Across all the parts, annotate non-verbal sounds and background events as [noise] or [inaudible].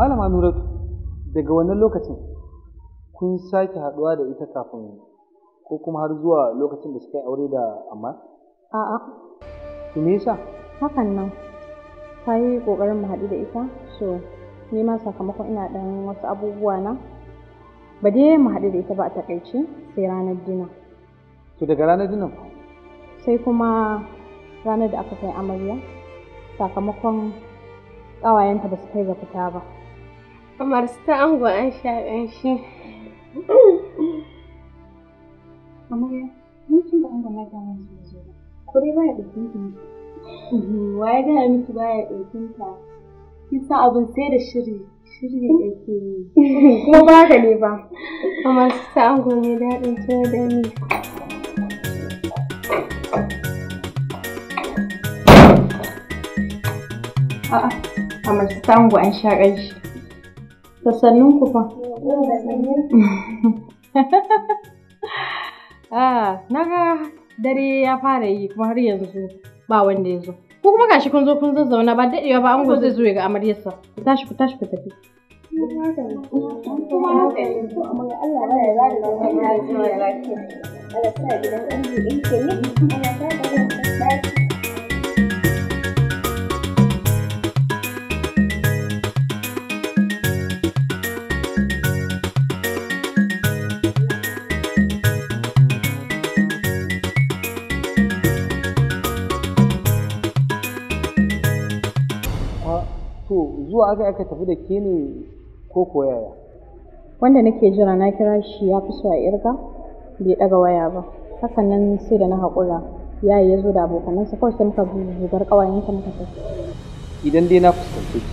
malama Nura, daga wannan lokacin kun sake haɗuwa da ita kafin ko kuma har zuwa lokacin da suka yi aure da amma a'a to me yasa hakan nan ta yi ƙoƙarin mu haɗu da ita so ni ma sakamakon ina ɗan wasu abubuwa na ba dai mu haɗu da ita ba a takaice sai ranar dina to daga ranar dina sai kuma ranar da aka kai amarya sakamakon ƙawayenta ba su kai ga fita ba kamar su ta ango an sha ƙanshi. Amarya, mun cin da ango na gama su zo ba. Ko dai baya ɗaukin ki ne. Wa ya gaya miki baya ɗaukin ta? Kin san abin sai da shiri. Shiri yake yi. Kuma ba da ne ba. Kamar su ta ango ne daɗin tuwa da ni. A'a, kamar su ta ango an sha ƙanshi. da sannun ku fa ah naga dare ya fara yi kuma har yanzu ba wanda ya zo ko kuma gashi kun zo kun zazzauna ba daɗewa ba ango zai zo ga amaryarsa ku tashi ku tashi ku tafi aka aka tafi da ke ne ko koyaya wanda nake jira na kira shi ya fi so a irga bai daga waya ba hakan nan sai da na haƙura ya yi ya zo da abokanansa kawai sai muka zubar ƙawayensa muka tafi idan dai na fuskanci ki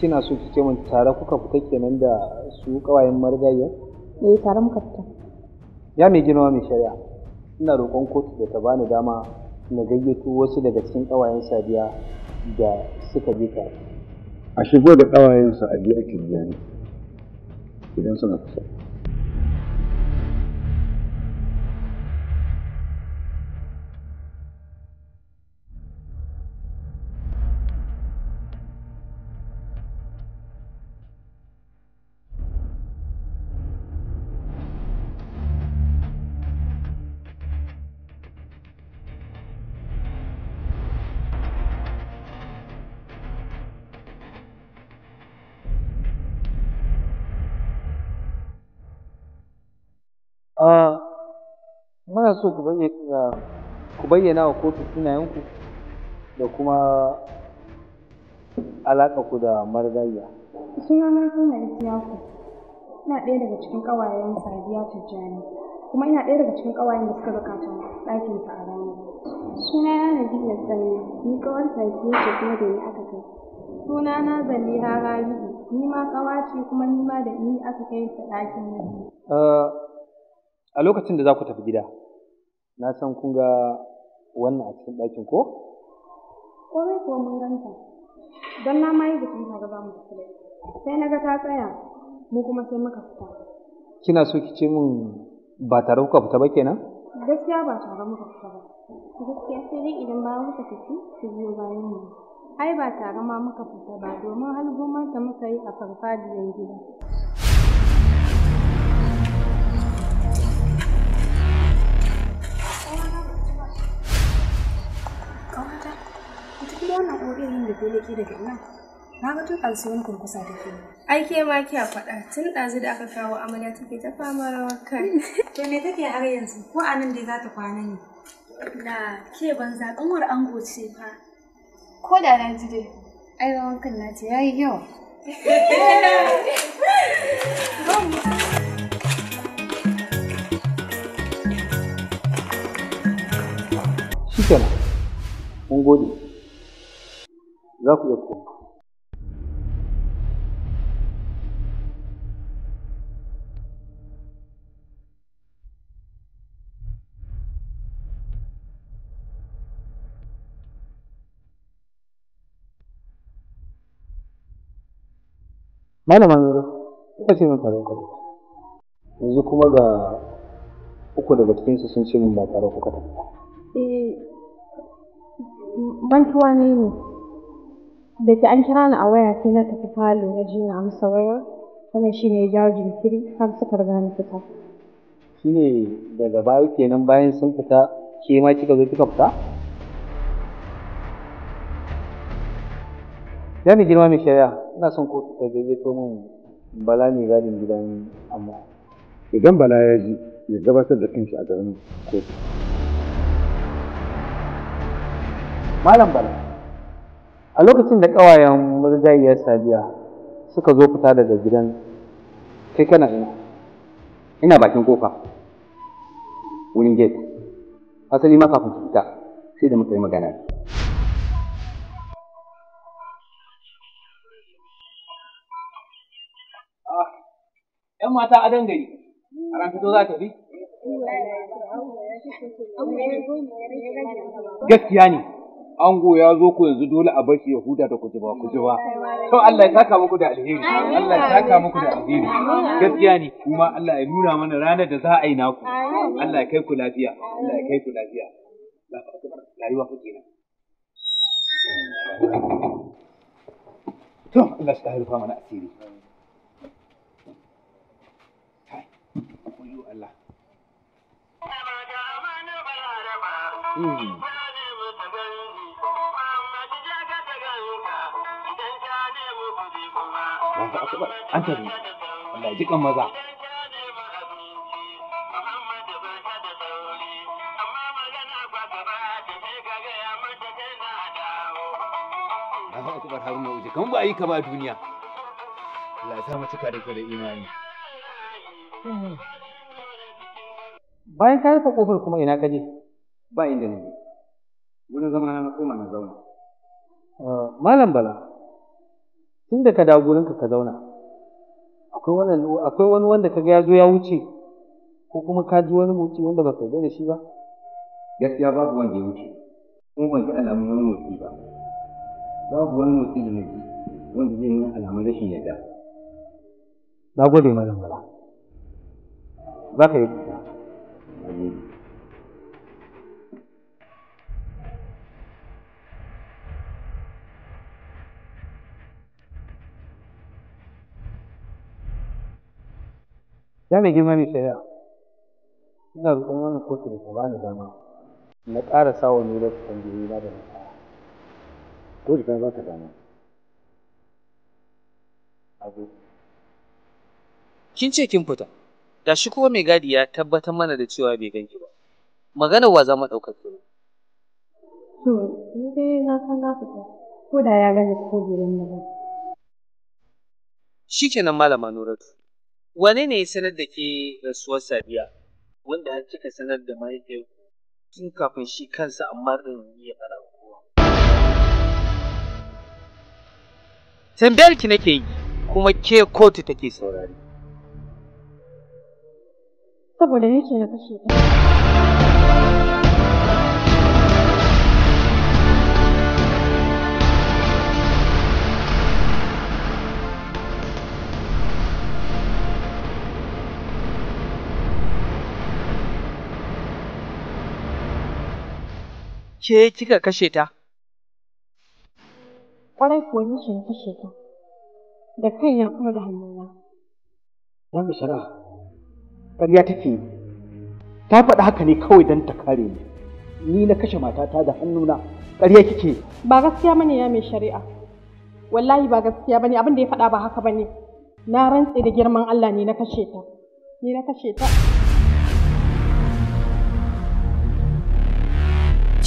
kina so ki ce min tare kuka fita kenan da su ƙawayen marigayya eh tare muka fita ya mai ginawa mai shari'a ina roƙon kotu da ta bani dama na gayyato wasu daga cikin ƙawayen sadiya da suka je tare a shigo da ƙawayensa a biya kirgiyani idan suna kusa muna so ku bayyana wa kotu sunayenku da kuma alaƙa ku da marigayya. Sunana Suna Isiyaku, ina ɗaya daga cikin ƙawayen Sadiya Tijjani, kuma ina ɗaya daga cikin ƙawayen da suka bukata ɗakin sa a ranar. Suna na Nabiya Tsalle, ni kawar Sadiya ce kuma da ni aka kai. Suna na Zaliha Rabi'u, ni ma ƙawa ce kuma ni ma da ni aka kai ta ɗakin nan. a lokacin da za ku tafi gida na san kun ga wannan a cikin ɗakin ko? Kwarai kuwa mun ganta don na ma yi jikin ta gaba mu tafi sai na ga ta tsaya mu kuma sai muka fita. Kina so ki ce min ba tare kuka fita ba kenan? Gaskiya ba tare muka fita ba. Gaskiya sai dai idan bayan muka tafi su biyo bayan mu. Ai ba tare ma muka fita ba domin gomar da muka yi a farfajiyar gida. ƙawata ita kuma wannan ƙoriyar yin da ke daga ina na ga tukan sai wani kurkusa da ke ai ke ma kiya faɗa tun ɗazu da aka kawo amarya take ta fama rawar kai [laughs] to me take har yanzu ko a nan dai za ta kwana ne na ke banza ƙanwar ango ce fa ko da na ji dai ai rawan kan na ce yayi yawa Shikenan. mun gode za ku iya koma malama nuru ita ce min farin kwari yanzu kuma ga uku daga cikinsu sun ce min ba tare kuka ta. eh bantuwa ne ne da ke an kira ni a waya sai na tafi falo na ji na amsa wayar wannan shi ne jawo jinkiri har suka riga ni fita shi ne daga baya kenan bayan sun fita ke ma kika zo kika fita ya mai girma mai shari'a ina son kotu ta daidaito min bala ne gadin gidan amma idan bala ya ji ya gabatar da kanshi a garin kotu malam bala a lokacin da ƙawayen murjayiyar sadiya suka zo fita daga gidan kai kana ina ina bakin kofa wurin gate asali ma kafin su fita sai da muka yi magana ‘Yan mata a dangare, a ran fito za ta bi. Gaskiya ne, ango ya zo ku yanzu dole a bashi ya huta da ku jiba to Allah ya saka muku da alheri Allah ya saka muku da alheri gaskiya ne kuma Allah ya nuna mana ranar da za a yi naku Allah ya kai ku lafiya Allah ya kai ku lafiya rayuwa ku kenan to Allah ya tsare mana asiri Allah Allahu akbar an tafi Allah ji kan maza Haruna Uje kan ba yi ka ba duniya Allah ya sa da da imani Bayan ka rufe kofar kuma ina kaje ba inda ne wurin zama na koma na zauna ah, Malam Bala tun da ka dawo gurinka ka zauna akwai wani wanda ka ga ya zo ya wuce ko kuma ka ji wani motsi wanda ka ga da shi ba gaskiya babu wanda ya wuce ko ban ji alamun wani motsi ba babu wani motsi da nake wanda zai yi alamun rashin yarda na gode malam bala za ka yi kusa ya mai girma mai shari'a ina roƙon wannan kotu da ta ni dama na ƙara sawa ni da tambayoyi na da Ko kotu ta ba ka dama kin ce kin fita da shi kuma mai gadi ya tabbatar mana da cewa bai ganki ba maganar wa za mu ɗaukar ki to ni dai na san na fita ko da ya gani ko bai gani ba shikenan malama nuratu wani ne sanar da ke rasuwar sabiya wanda an cika sanar da mahaifiyar tun kafin shi kansa amma din ya fara kowa. Tambayar ki nake yi kuma ke kotu take saurari. Saboda nake na kashe ta. ke kika kashe ta? Ƙwarai kuwa nake ke kashe ta, da kaina kuma da hannuna. Ya mu shara, ƙarya take yi. Ta faɗi haka ne kawai don ta kare ni. Ni na kashe matata da hannuna, ƙarya kike. Ba gaskiya bane ya mai shari'a. Wallahi ba gaskiya bane abin da ya faɗa ba haka bane. Na rantse da girman Allah ne na kashe ta. Ni na kashe ta.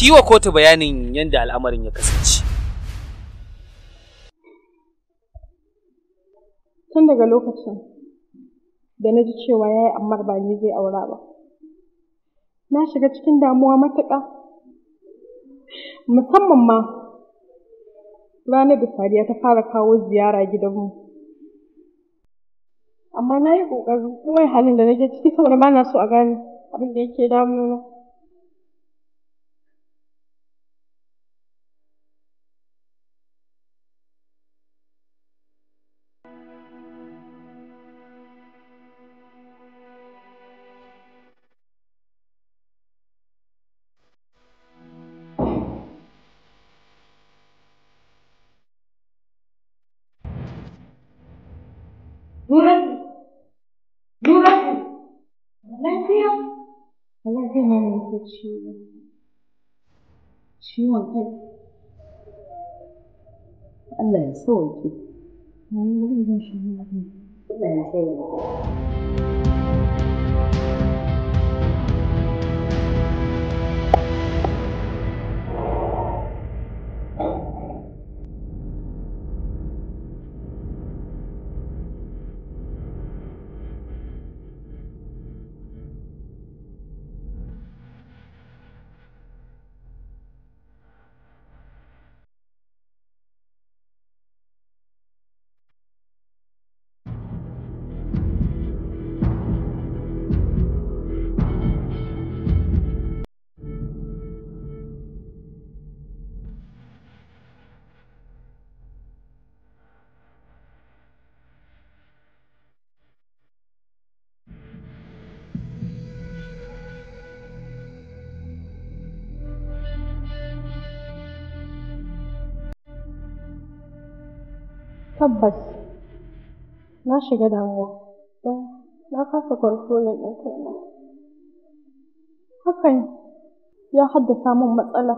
ki yi wa kotu bayanin yadda al'amarin ya kasance. Tun daga lokacin da na ji cewa ya yi amma ba ni zai aura ba, na shiga cikin damuwa matuka. musamman ma ranar da Sadiya ta fara kawo ziyara gidanmu. Amma na yi ƙoƙarin kowai halin da na nake ciki saboda ba na so a gane abin da yake damuna. 去，去外地，感受一下，没有的时候，受一下。Tabbas na shiga damuwa don na kasa kwantrolin ɗin kaina. Hakan ya haddasa min matsala.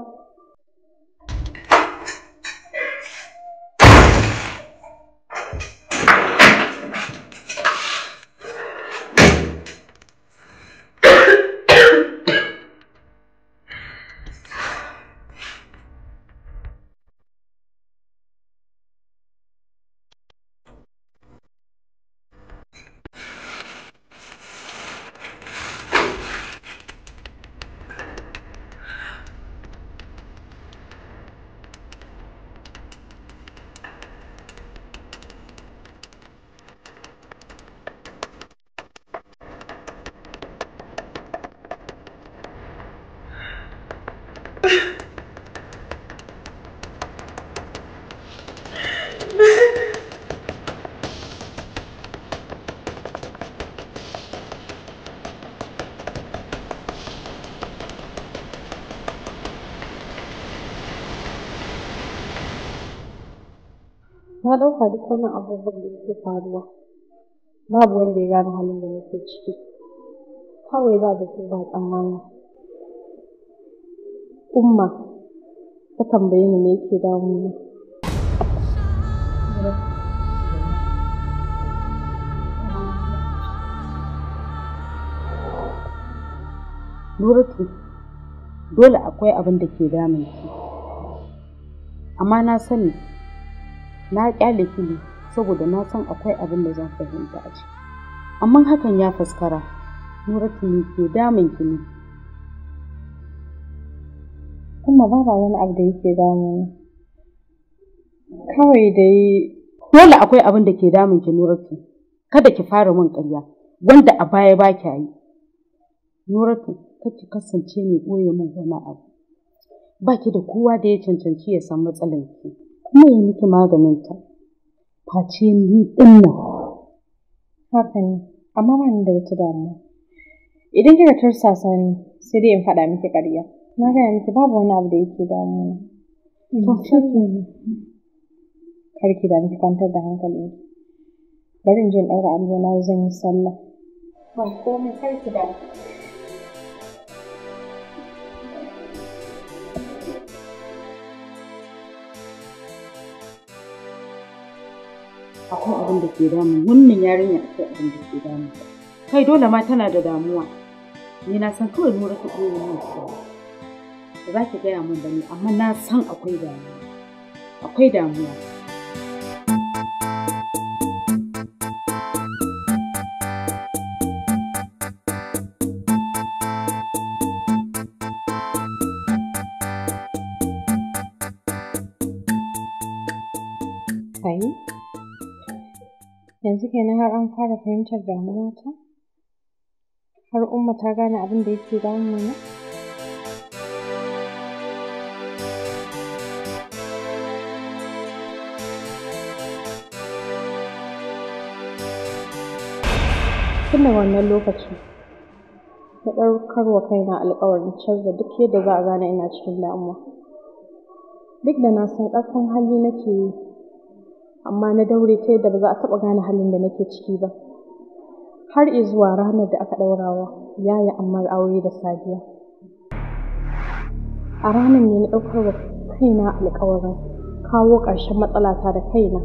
na ɗauka duk wannan abubuwan da suke faruwa babu wanda ya gane halin da nake ciki kawai ba da su ba tsammani umma ta tambaye ni me yake damuna Nuratu, dole akwai abin da ke damunki, amma na sani na kyale fili saboda na san akwai abin da zan fahimta a ciki amma hakan ya faskara nura ne ke damun ki kuma ba ba wani abu da yake damu kawai dai dole akwai abin da ke damun ki nuratu kada ki fara min ƙarya wanda a baya ba ki yi nura ki kasance mai ɓoye min wani abu ba ki da kowa da ya cancanci ya san matsalar ki kuma ya miki maganinta face ni ɗin nan haka ne amma ba da wata damuwa idan kika tursa sani sai dai in faɗa miki ƙarya na gaya miki babu wani abu da yake damuwa mm. karki da miki kwantar da hankali. bari in je in ɗaura alwala zan yi sallah ba komai karki da akwai abin da ke damu wannan yarinya akwai abin da ke damu kai dole ma tana da damuwa ni na san kawai nura ta ɗora ne ba za ki gaya min ba ne amma na san akwai damuwa akwai damuwa kenan har an fara fahimtar damuwata? Har Umma ta gane abin da yake damuna? Tun da wannan lokaci na ɗaukar wa kaina alƙawarin canza duk yadda za a gane ina cikin damuwa. Duk da na san ƙarfin hali nake yi, amma na daure ta yadda ba za a taɓa gane halin da nake ciki ba har zuwa ranar da aka ɗaurawa ya yi ammar aure da sadiya a ranar ne na ɗaukar wa kaina alkawarin kawo ƙarshen matsalata da kaina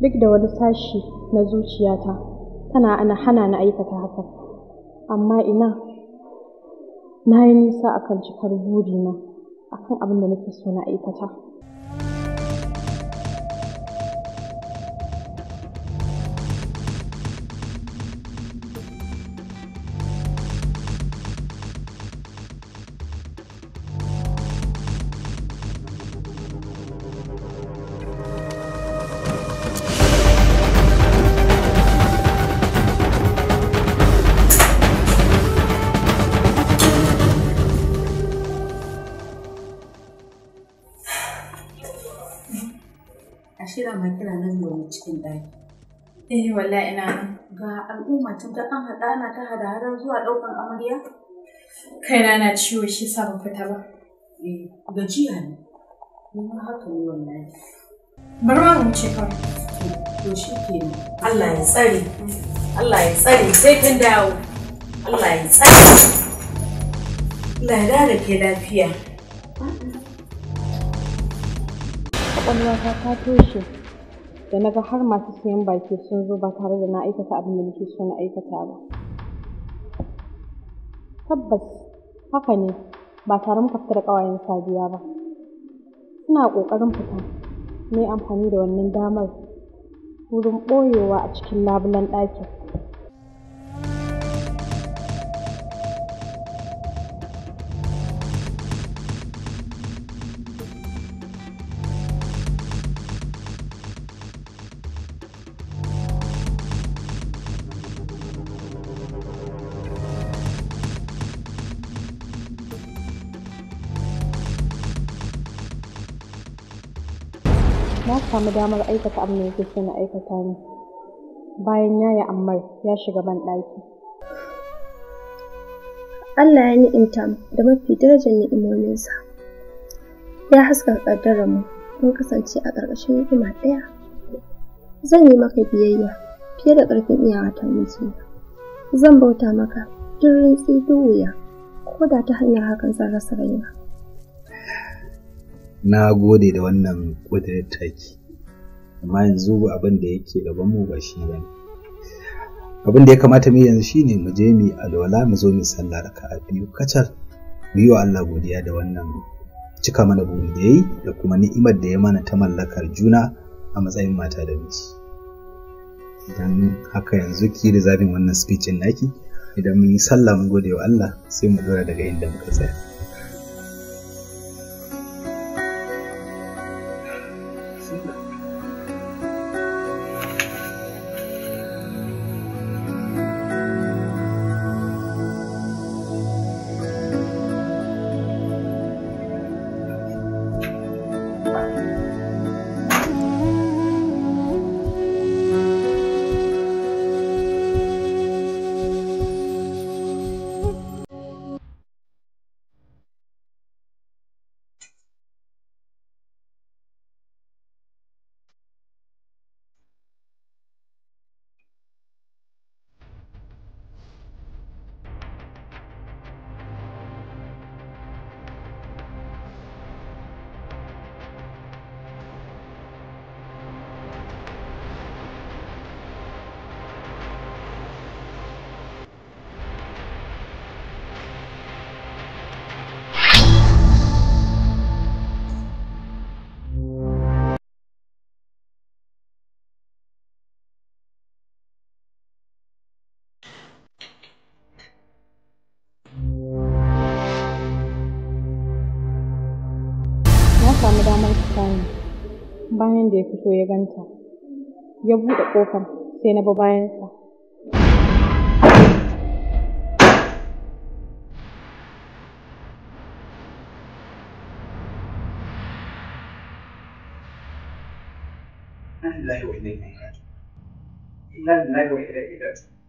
duk da wani sashi na zuciyata tana ana hana na aikata hakan amma ina na yi nisa akan cikar burina akan abin da nake so na aikata ashe ma kira nan domin cikin ɗaki. Eh wallahi ina ga al'umma tun da an haɗa ana ta hada hadar zuwa ɗaukan amarya. Kaina na ciwo shi sa ba fita ba. Eh gajiya ne. Ni ma haka ne wallahi. Bari ma mu ce kawai. To shi ke Allah ya tsare. Allah ya tsare sai kin dawo. Allah ya tsare. Lada da ke lafiya. ƙwaƙwalwata ta toshe da na ga har masu siyan baki sun zo ba tare da na aikata abin da nake so na aikata ba. Tabbas haka ne ba tare muka fita da ƙawayen Sadiya ba. Suna ƙoƙarin fita na yi amfani da wannan damar wurin ɓoyewa a cikin labulen ɗakin. na samu damar aikata abin da yake so na aikata ne bayan ya yi ammar ya shiga ban ɗaki. Allah ya ni'imta mu da mafi darajar ni'imominsa. Ya haska mu kun kasance a ƙarƙashin ni'ima ɗaya. Zan yi maka biyayya fiye da ƙarfin iyawata mijina. Zan bauta maka duk rintsi wuya ko da ta hanyar hakan zan rasa rayuwa. na gode da wannan ƙudurin taki amma yanzu abin da yake gaban mu ba shi bane abin da ya kamata mu yanzu shine mu je mu alwala mu zo mu sallah raka'a biyu kacal mu yi wa Allah godiya da wannan cika mana buri da yayi da kuma ni'imar da ya mana ta mallakar juna a matsayin mata da miji idan haka yanzu ki da zabin wannan speech naki idan mun yi sallah mu gode wa Allah sai mu dora daga inda muka tsaya fito ya ganta ya buɗe ƙofar sai na bi bayansa Allah ya wa ne ilaihi raji'un. Allah ya wa ne ilaihi raji'un.